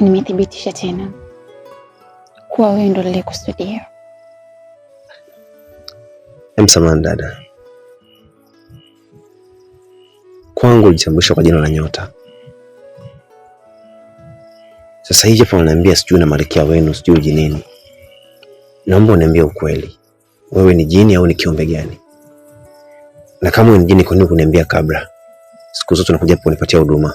nimethibitisha tena kuwa wewe ndo kusudia. Msamani dada, kwangu ulitambulishwa kwa jina la nyota. Sasa hivi hapa unaniambia sijui na malikia wenu sijui jinini. Naomba uniambie ukweli, wewe ni jini au ni kiumbe gani? Na kama ni jini, kwa nini kuniambia kabla? Siku zote unakuja hapa kunipatia huduma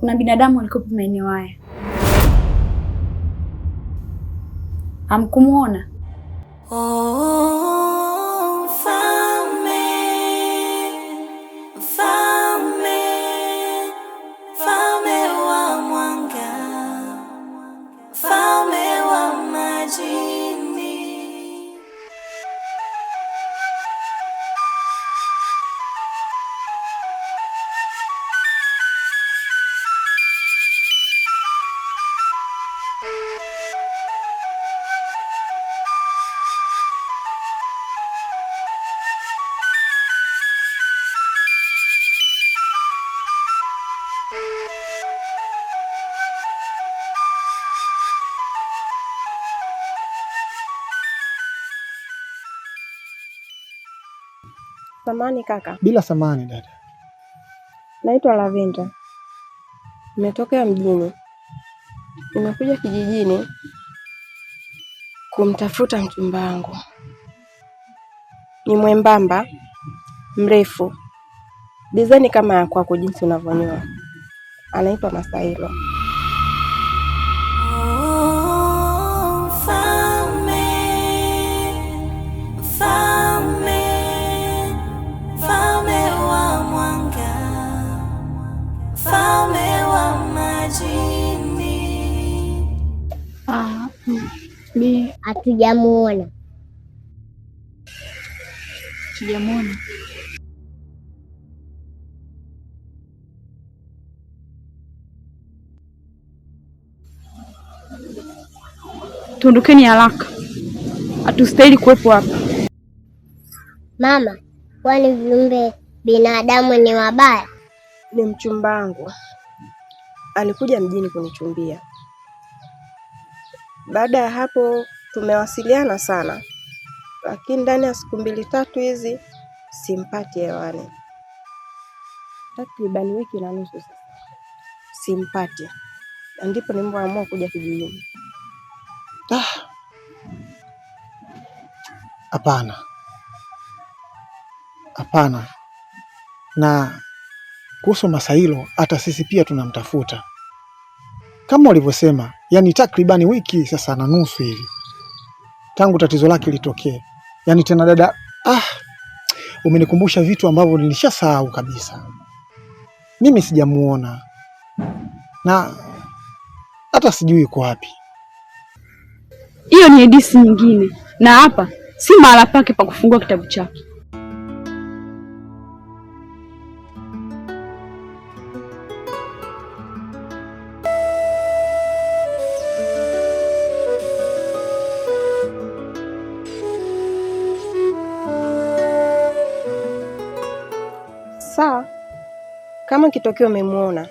kuna binadamu alikuwa maeneo haya. Hamkumuona? oh. oh, oh. Samani kaka. Bila samani dada. Naitwa Lavenda, nimetokea mjini, nimekuja kijijini kumtafuta mchumba wangu. Ni mwembamba mrefu, dizaini kama ya kwako, jinsi unavyonyoa. Anaitwa Masailo. Hatujamuona, hatujamuona. tundukeni haraka, hatustahili kuwepo hapa. Mama, kwani viumbe binadamu ni wabaya? Ni mchumba wangu alikuja mjini kunichumbia baada ya hapo tumewasiliana sana, lakini ndani ya siku mbili tatu hizi simpati hewani, takribani wiki na nusu sasa simpati, ndipo nilipoamua kuja kijijini. Ah. Hapana, hapana. Na kuhusu Masailo, hata sisi pia tunamtafuta kama ulivyosema, yani takribani wiki sasa na nusu hivi tangu tatizo lake litokee. Yani tena dada, ah, umenikumbusha vitu ambavyo nilishasahau kabisa. Mimi sijamuona na hata sijui yuko wapi. Hiyo ni hadithi nyingine, na hapa si mahala pake pa kufungua kitabu chake. kama kitokea umemwona,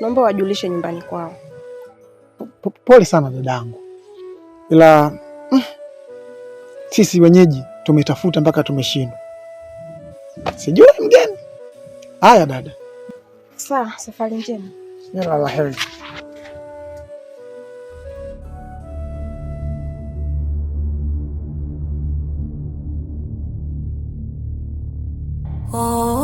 naomba wajulishe nyumbani kwao. Pole sana dadangu, ila mm, sisi wenyeji tumetafuta mpaka tumeshindwa, sijui mgeni. Haya dada, sawa, safari njema. la heri. Oh.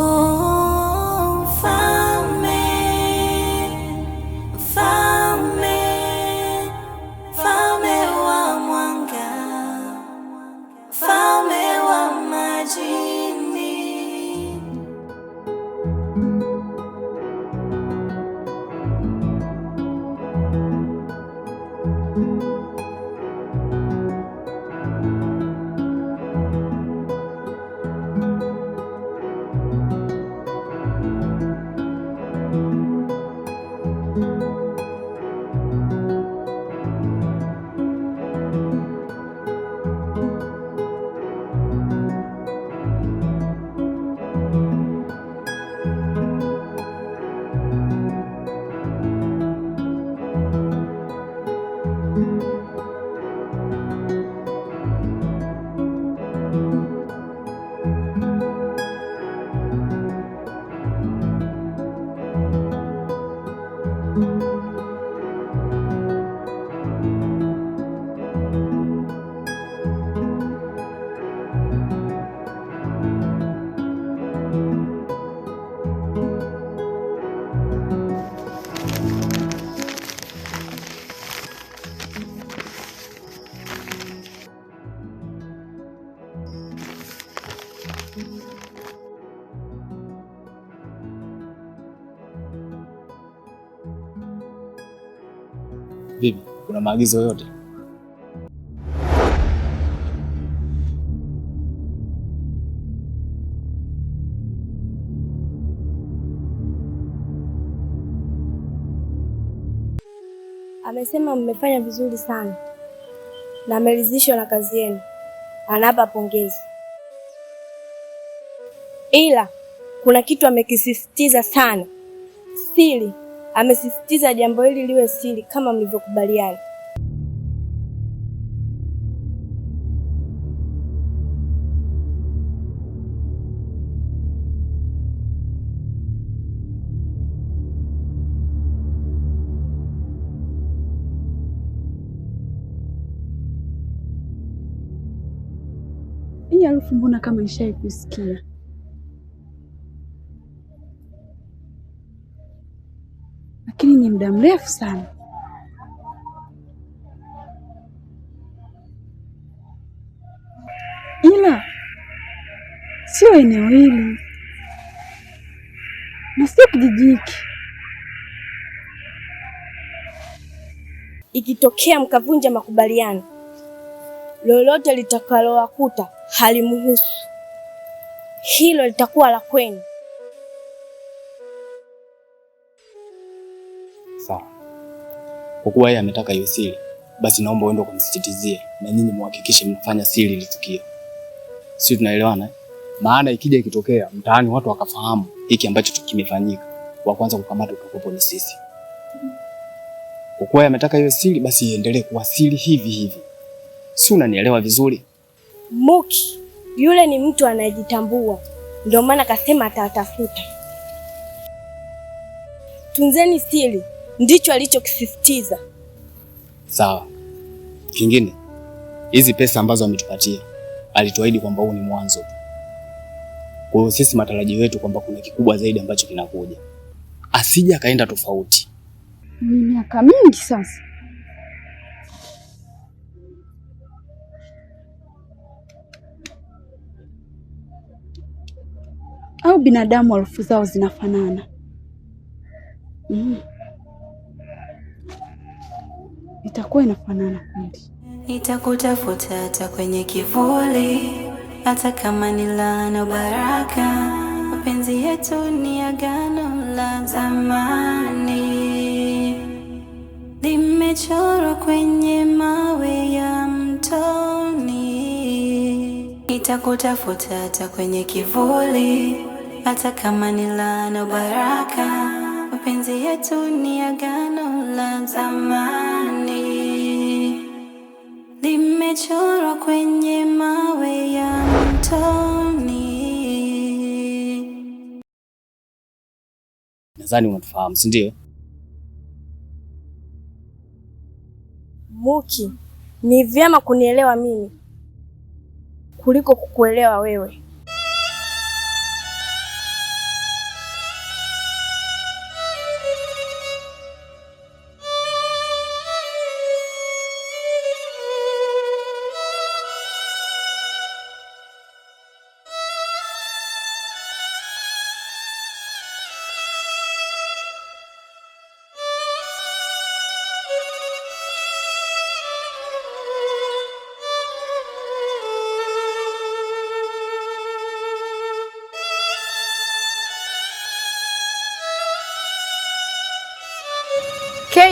maagizo yote. Amesema mmefanya vizuri sana na ameridhishwa na kazi yenu, anapa pongezi, ila kuna kitu amekisisitiza sana, siri. Amesisitiza jambo hili liwe siri kama mlivyokubaliana. hii harufu mbona kama nishai kusikia? Lakini ni muda mrefu sana. Ila sio eneo hili na sio kijiji hiki. Ikitokea mkavunja makubaliano lolote litakalowakuta halimhusu, hilo litakuwa la kwenu. Sawa, kwa kuwa yeye ametaka hiyo siri, basi naomba uende kumsisitizia na nyinyi muhakikishe mnafanya siri litukie. Sisi tunaelewana eh? Maana ikija ikitokea mtaani watu wakafahamu hiki ambacho kimefanyika, wa kwanza kukamata utakuwa ni sisi. Kwa kuwa ametaka hiyo siri, basi iendelee kuwa siri hivi hivi si unanielewa vizuri? Muki yule ni mtu anayejitambua, ndio maana akasema atatafuta. Tunzeni siri, ndicho alichokisisitiza. Sawa. Kingine, hizi pesa ambazo ametupatia alituahidi kwamba huu ni mwanzo tu. Kwa hiyo sisi matarajio yetu kwamba kuna kikubwa zaidi ambacho kinakuja, asije akaenda tofauti. Ni miaka mingi sasa au binadamu harufu zao zinafanana. Mm. Itakuwa inafanana kundi. Nitakutafuta hata kwenye kivuli, hata kama ni laana baraka. Mapenzi yetu ni agano la zamani, limechorwa kwenye mawe ya mtoni. Nitakutafuta hata kwenye kivuli hata kama ni laana, baraka. Mapenzi yetu ni agano la zamani, limechorwa kwenye mawe ya mtoni. Nadhani unatufahamu, si ndio? Muki, ni vyema kunielewa mimi kuliko kukuelewa wewe.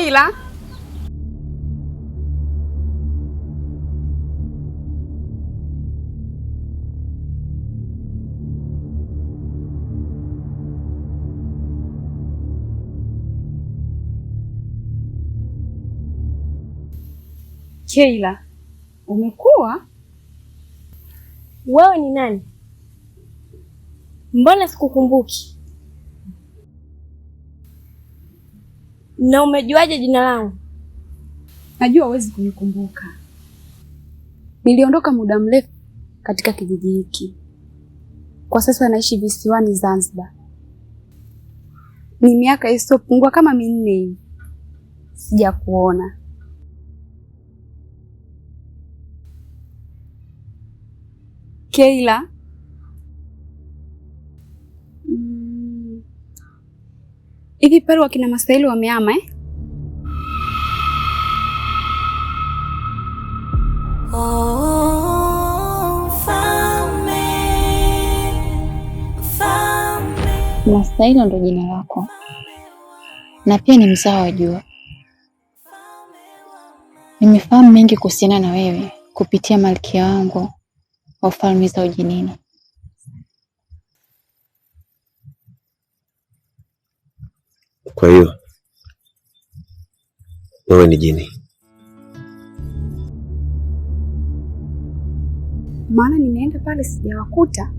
Dhamira Keila, umekuwa wewe ni nani? Mbona sikukumbuki? Na umejuaje jina langu? Najua huwezi kunikumbuka. Niliondoka muda mrefu katika kijiji hiki. Kwa sasa naishi visiwani Zanzibar. Ni miaka isiyopungua kama minne hivi. Sijakuona. Keila, Hivi Peru wakina Mastahili wameama eh? Oh, Mastahili ndo jina lako na pia ni mzao wa jua. Nimefahamu mengi kuhusiana na wewe kupitia malkia wangu wa falme za Ujinini. Kwa hiyo wewe ni jini. Maana nimeenda pale sijawakuta.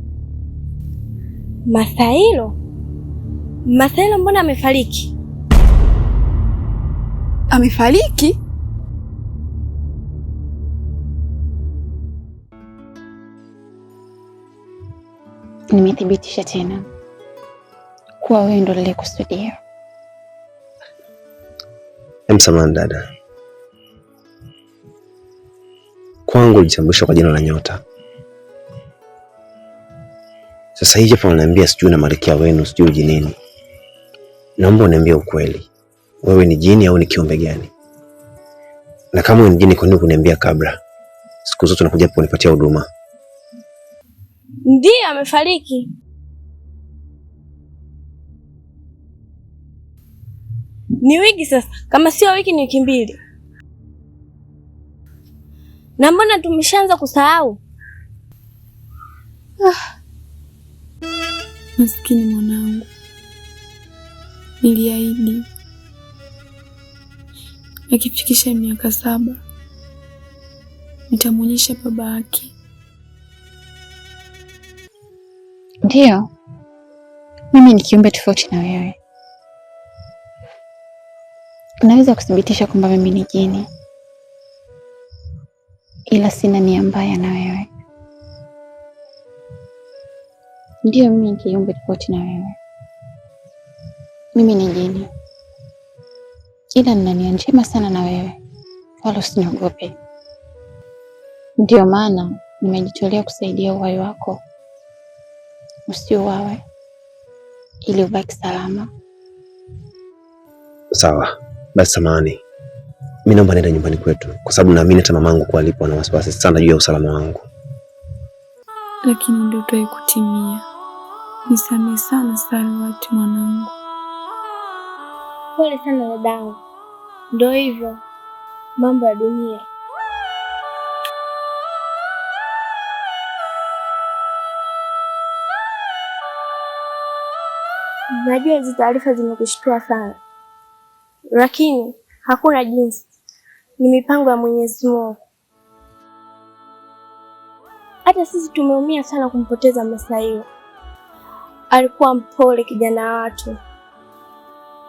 Mathailo, Mathailo mbona amefariki? Amefariki? Nimethibitisha tena kuwa wewe ndo kusudia. Msamani dada, kwangu ulitambulishwa kwa jina la Nyota. Sasa hivi hapa unaniambia sijui na malkia wenu sijui jinini. Naomba uniambie ukweli, wewe ni jini au ni kiumbe gani? Na kama ni jini, kwa nini kuniambia kabla? Siku zote unakuja kunipatia huduma. Ndiye amefariki. Ni wiki sasa, kama sio wiki ni wiki mbili. Na mbona tumeshaanza kusahau? Ah, maskini mwanangu, niliahidi akifikisha miaka saba nitamwonyesha baba yake. Ndiyo, mimi ni kiumbe tofauti na wewe. Naweza kuthibitisha kwamba mimi ni jini, ila sina nia mbaya na wewe. Ndiyo, mimi ni kiumbe tofauti na wewe. Mimi ni jini, ila nina nia njema sana na wewe, wala usiniogope. Ndiyo maana nimejitolea kusaidia uhai wako, usiuawe ili ubaki salama. Sawa. Basi samani mimi naomba nenda nyumbani kwetu, kwa sababu naamini hata mamangu kwa alipo ana wasiwasi sana juu ya usalama wangu. Lakini ndoto haikutimia. Nisamehe sana Salwati mwanangu. Pole sana dadangu, ndio hivyo mambo ya dunia. Najua hizi taarifa zimekushtua sana lakini hakuna jinsi, ni mipango ya Mwenyezi Mungu. Hata sisi tumeumia sana kumpoteza Masaiwa. Alikuwa mpole kijana wa watu,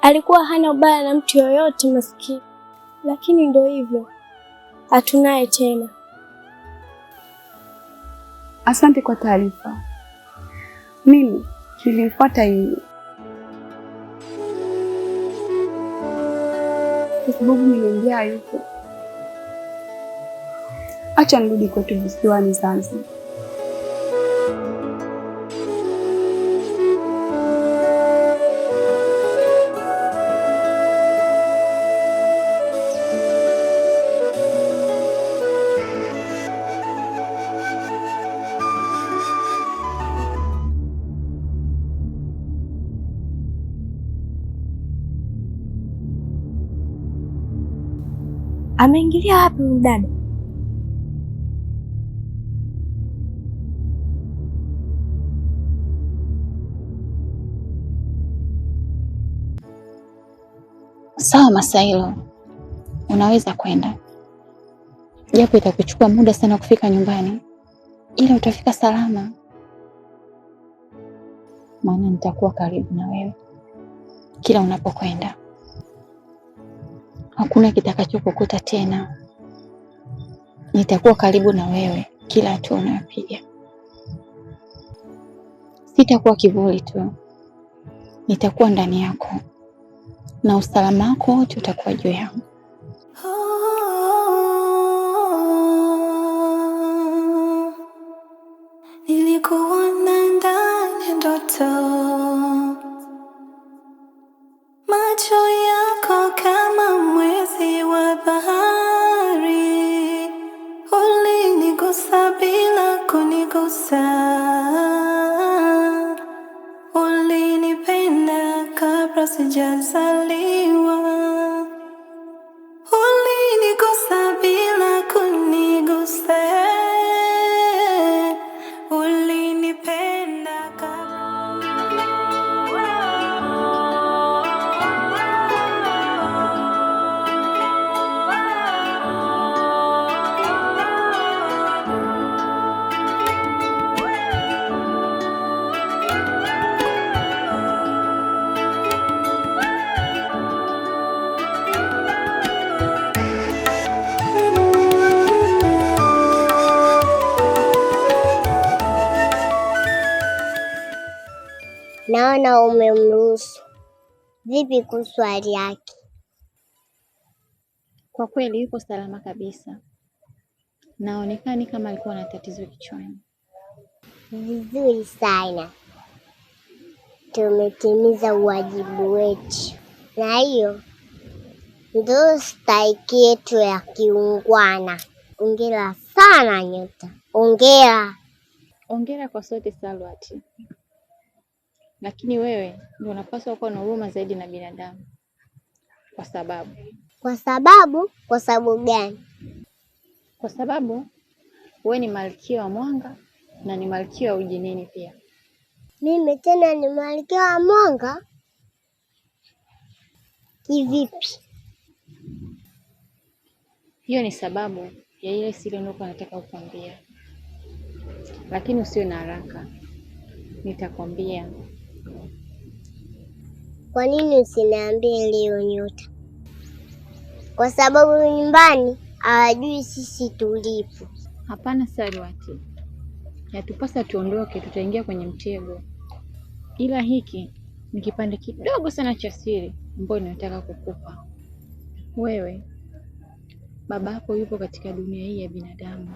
alikuwa hana ubaya na mtu yoyote masikini, lakini ndio hivyo, hatunaye tena. Asante kwa taarifa. Mimi nilimfuata hii kwa sababu nimeingia yuko. Acha nirudi kwetu visiwani Zanzibar. ameingilia wapi huyu dada? Sawa Masailo, unaweza kwenda, japo itakuchukua muda sana kufika nyumbani, ila utafika salama, maana nitakuwa karibu na wewe kila unapokwenda hakuna kitakachokukuta tena. Nitakuwa karibu na wewe kila hatua unayopiga. Sitakuwa kivuli tu, nitakuwa ndani yako na usalama wako wote utakuwa juu yangu. Nilikuona ndani ndoto Naona umemruhusu. Vipi kuhusu hali yake? Kwa kweli yuko salama kabisa, naonekani kama alikuwa na tatizo kichwani. Vizuri sana, tumetimiza uwajibu wetu, na hiyo ndio stahiki yetu ya kiungwana. Ongera sana Nyota, ongera, ongera kwa sote, Salwati lakini wewe ndio unapaswa kuwa na huruma zaidi na binadamu. Kwa sababu kwa sababu kwa sababu gani? Kwa sababu wewe ni malkia wa mwanga na ni malkia wa ujinini pia. Mimi tena ni malkia wa mwanga kivipi? Hiyo ni sababu ya ile siri ndogo nataka kukwambia, lakini usiwe na haraka, nitakwambia. Kwa nini usiniambie leo Nyota? Kwa sababu nyumbani hawajui sisi tulipo. Hapana Salwati, yatupasa tuondoke, tutaingia kwenye mtego. Ila hiki ni kipande kidogo sana cha siri ambayo ninataka kukupa wewe. Baba yupo katika dunia hii ya binadamu.